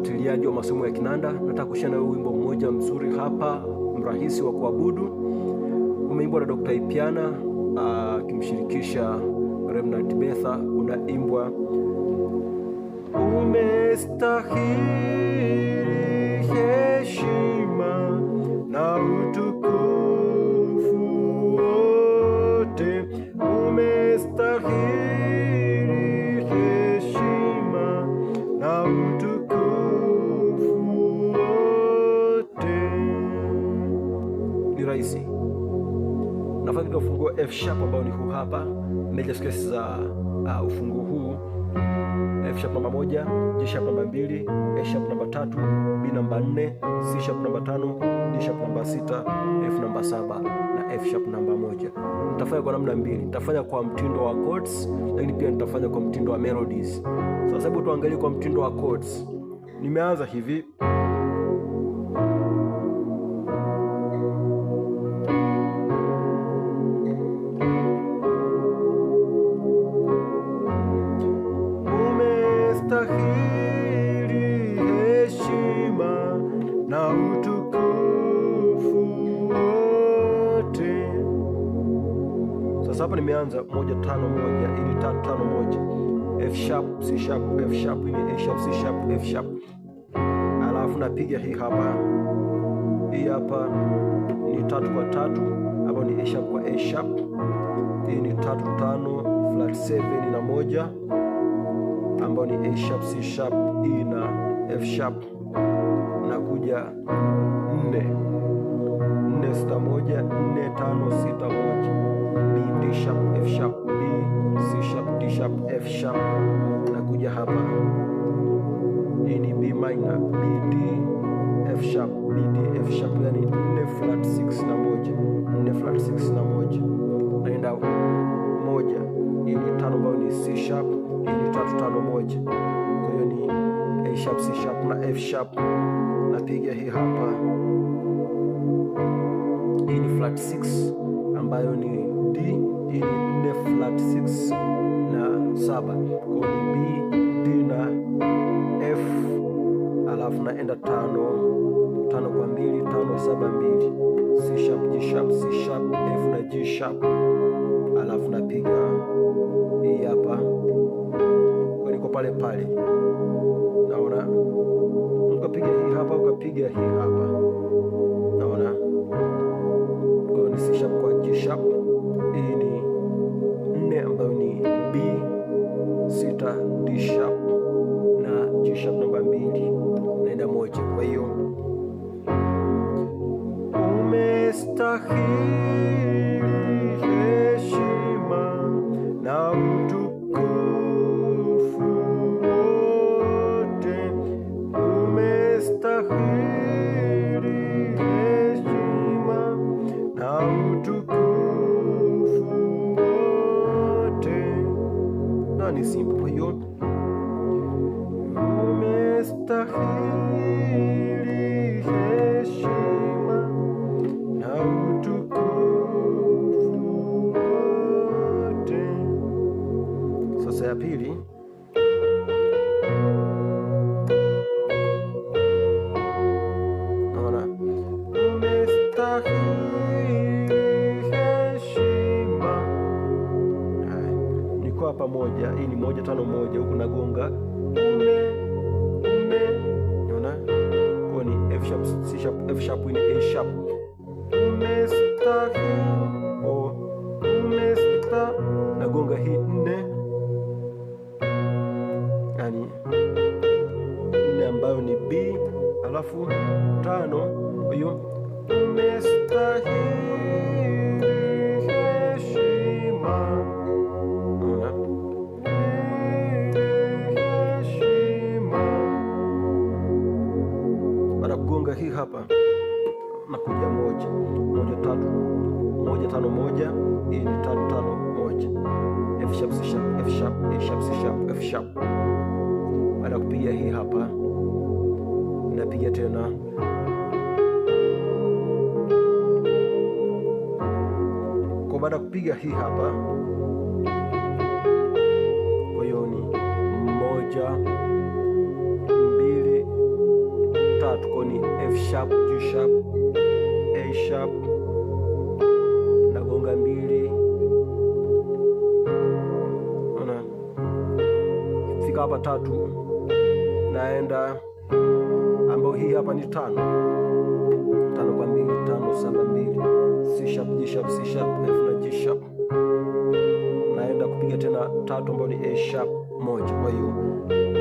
mfuatiliaji wa masomo ya kinanda, nataka kushia nawe wimbo mmoja mzuri hapa, mrahisi wa kuabudu, umeimbwa na Dr. Ipiana ah, akimshirikisha uh, Remnant Betha, unaimbwa umestahili nafanya katika ufunguo F sharp ambao ni huu hapa, major scales za uh, ufunguo huu F sharp namba moja, G sharp namba mbili, A sharp namba tatu, B namba nne, C sharp namba tano, D sharp namba sita, F namba saba na F sharp namba moja. Nitafanya kwa namna mbili, nitafanya kwa mtindo wa chords, lakini pia nitafanya kwa mtindo wa melodies. Sasa hebu tuangalie kwa mtindo wa chords. Nimeanza hivi Sasa hapa nimeanza moja tano moja, ili ni tatu tano moja, F sharp C sharp F sharp, hii A sharp C sharp F sharp, alafu napiga hii hapa, hii hapa ni tatu kwa tatu, hapa ni A sharp kwa A sharp, hii ni tatu tano flat 7 na moja, ambayo ni A sharp C sharp E na F sharp, nakuja nne nne sita moja nne tano sita moja B, D sharp, F sharp, B, C sharp, D sharp, F sharp. Nakuja hapa, hii ni B minor, B, D, F sharp, B, D, F sharp, yani nne flat 6 na moja, nne flat 6 na moja, naenda moja. Hii ni tano ambayo ni C sharp, hii ni tatu tano moja, kwa hiyo ni A sharp, C sharp na F sharp. Napiga hii hapa, hii ni flat 6 ambayo ni D ni 4 flat 6 na saba, kwa ni B D na F, alafu naenda tano tano kwa mbili, tano saba mbili, C sharp G sharp C sharp F na G sharp, alafu napiga hii e hapa kwa niko pale pale, naona ukapiga hii e hapa ukapiga hii e hapa, naona kwa ni C sharp kwa G sharp ni B sita D sharp na G sharp namba mbili naenda moja. Kwa hiyo umestahili stahili heshima na utukufu wote. Sasa ya pili pamoja. Hii ni moja tano moja, huku nagonga sharp, F sharp, wini A sharp. nagonga hii nne, yani nne ambayo ni B, alafu tano, kwa hiyo umestahili heshima moja moja tatu moja tano moja. Hii ni tatu tano moja, F sharp C sharp F sharp A sharp C sharp F sharp. Baada ya kupiga hii hapa, napiga tena kwa baada ya kupiga hii hapa, kwa hiyo ni moja mbili tatu, kwa ni F sharp G sharp A sharp nagonga mbili, ona fika hapa tatu, naenda ambayo hii hapa ni tano, tano kwa mbili, tano saba mbili, C sharp G sharp C sharp F na G sharp, naenda kupiga tena tatu ambayo ni A sharp moja, kwa hiyo